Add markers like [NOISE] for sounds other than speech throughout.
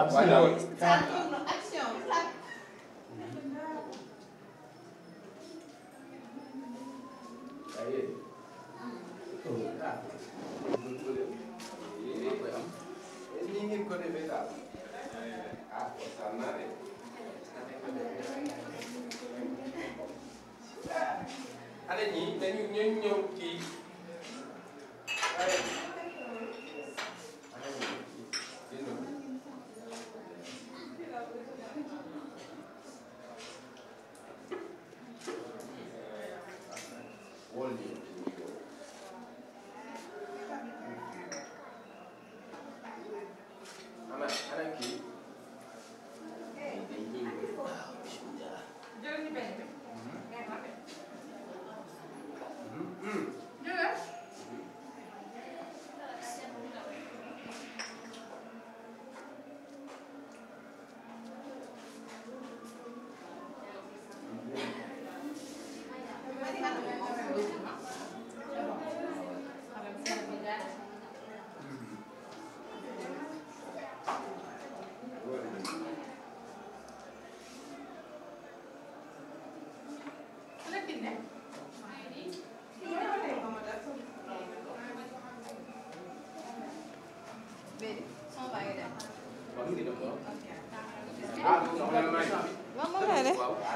action. action. xale ñi dañu ñëw kii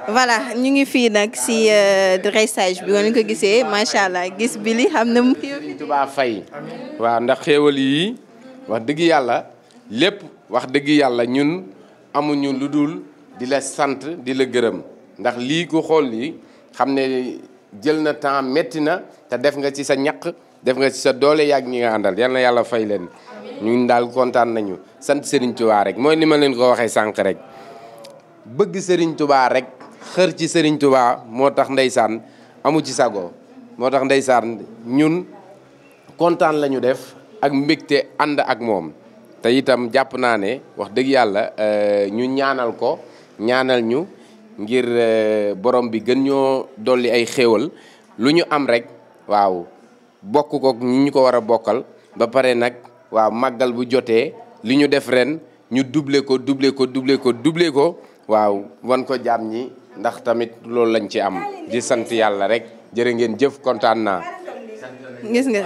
voilà ñu ngi fii nag si euh, dressage bi wala ñu ko gisee macha allah gis bi li xam ne mu xéwal. Tuubaa fay waaw ndax xéewal yi wax dëgg yàlla lépp wax dëgg yàlla ñun amuñu lu dul di la sant di la gërëm ndax lii ku xool lii xam ne jël na temps métti na te def nga ci sa ñaq def nga ci sa doole yàgg ñu nga àndal yal yàlla fay leen. ñun daal kontaan nañu sant Serigne Touba rek mooy ni ma leen ko waxee sànq rek bëgg Serigne Touba rek. xër ci Serigne Touba moo tax ndeysaan amu ci sago moo tax ndeysaan ñun kontaan la ñu def ak mbégte ànd ak moom te itam jàpp naa ne wax dëgg yàlla euh, ñu ñaanal ko ñaanal ñu ngir euh, borom bi gën ñoo dolli ay xéewal lu ñu am rek waaw bokk ko ñi ñu ko war a bokkal ba pare nag waaw màggal bu jotee li ñu def ren ñu duble ko duble ko duble ko doublé ko waaw wan ko jaam ñi ndax tamit loolu lañ ci am di sant yàlla rek jërë ngeen jëf kontaan gis nga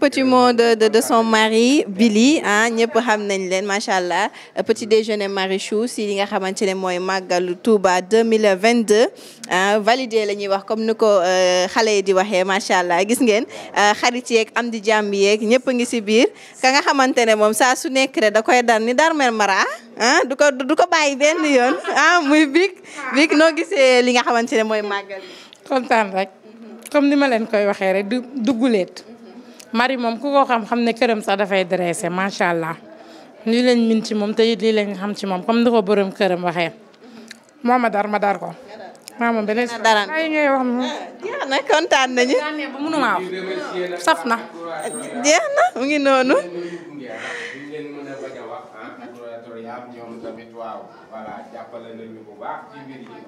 petit mot de de de son mari Billy ah ñëpp xam nañ leen macha allah petit déjeuner Marichou si li nga xamante ne mooy màggalu Touba 2022 ah validé la ñuy wax comme ni ko euh, xale yi di waxee macha allah gis ngeen euh, xarit yeeg am di jàmm yeeg ñëpp ngi si biir ka nga xamante ne moom saa su nekk rek da koy dar ni dar mara ah. ah du ko ko bàyyi benn yoon ah muy big big noo gisee li nga xamante ne mooy màggal kontaan rek comme ni ma leen koy waxee rek du dugguleet mari moom ku ko xam ne këram sax dafay dressé macha allah lii leen min ci moom te it lii leen xam ci moom comme ni ko borom këram waxee moo ma dar ko maa moom beneen dara ay na kontaan nañu. mënu saf na. jeex na mu ngi noonu. Thiam ñoom tamit waaw voilà jàppale nañu bu baax ci biir yi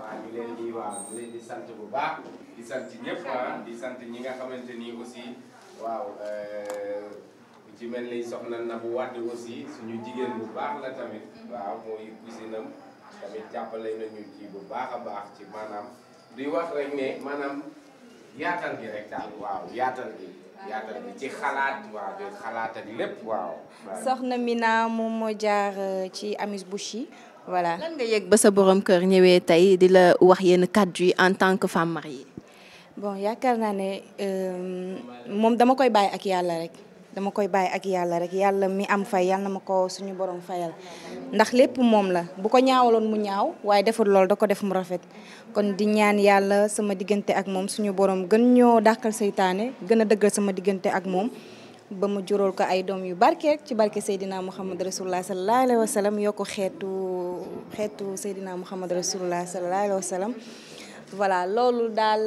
waaw ñu leen di waaw leen di sant bu baax di sant ñëpp ah di sant ñi nga xamante ni aussi waaw ku euh, ci mel ni soxna bu Wade aussi suñu jigéen bu baax la tamit waaw mooy cousinam tamit jàppale nañu ci bu baax a baax ci maanaam di wax rek ne maanaam yaatal gi rek daal waaw yaatal gi yaatal bi soxna Mina moom moo jaar euh, ci Amis Bouchi voilà. nga yëg ba sa borom kër ñëwee tey di la wax yenn kàddu yi en tant que femme mariée. bon yaakaar naa ne euh, moom dama koy bàyyi ak yàlla rek. dama koy bàyyi ak yàlla rek yàlla mi am fay yàlla na ma ko suñu borom fayal ndax lépp moom la bu ko ñaawaloon mu ñaaw waaye deful loolu da ko def mu rafet kon di ñaan yàlla sama diggante ak moom suñu borom gën ñoo dàqal seytaane gën a dëggal sama diggante ak moom ba ma juróol ko ay doom yu barke ci barke Seydina Muhammad rasulullah sallallahu alayhi wa sallam yoo ko xeetu xeetu Seydina Muhammad rasulullah sallallahu alayhi wa sallam voilà loolu daal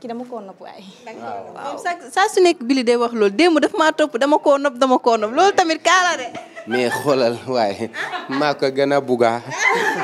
ki dama koo nopp waaye. waaw saa su nekk Billy day wax loolu démb dafa maa topp dama koo nopp dama koo nopp loolu tamit kaala de. mais xoolal waaye ah. maa ko gën a buga. [LAUGHS]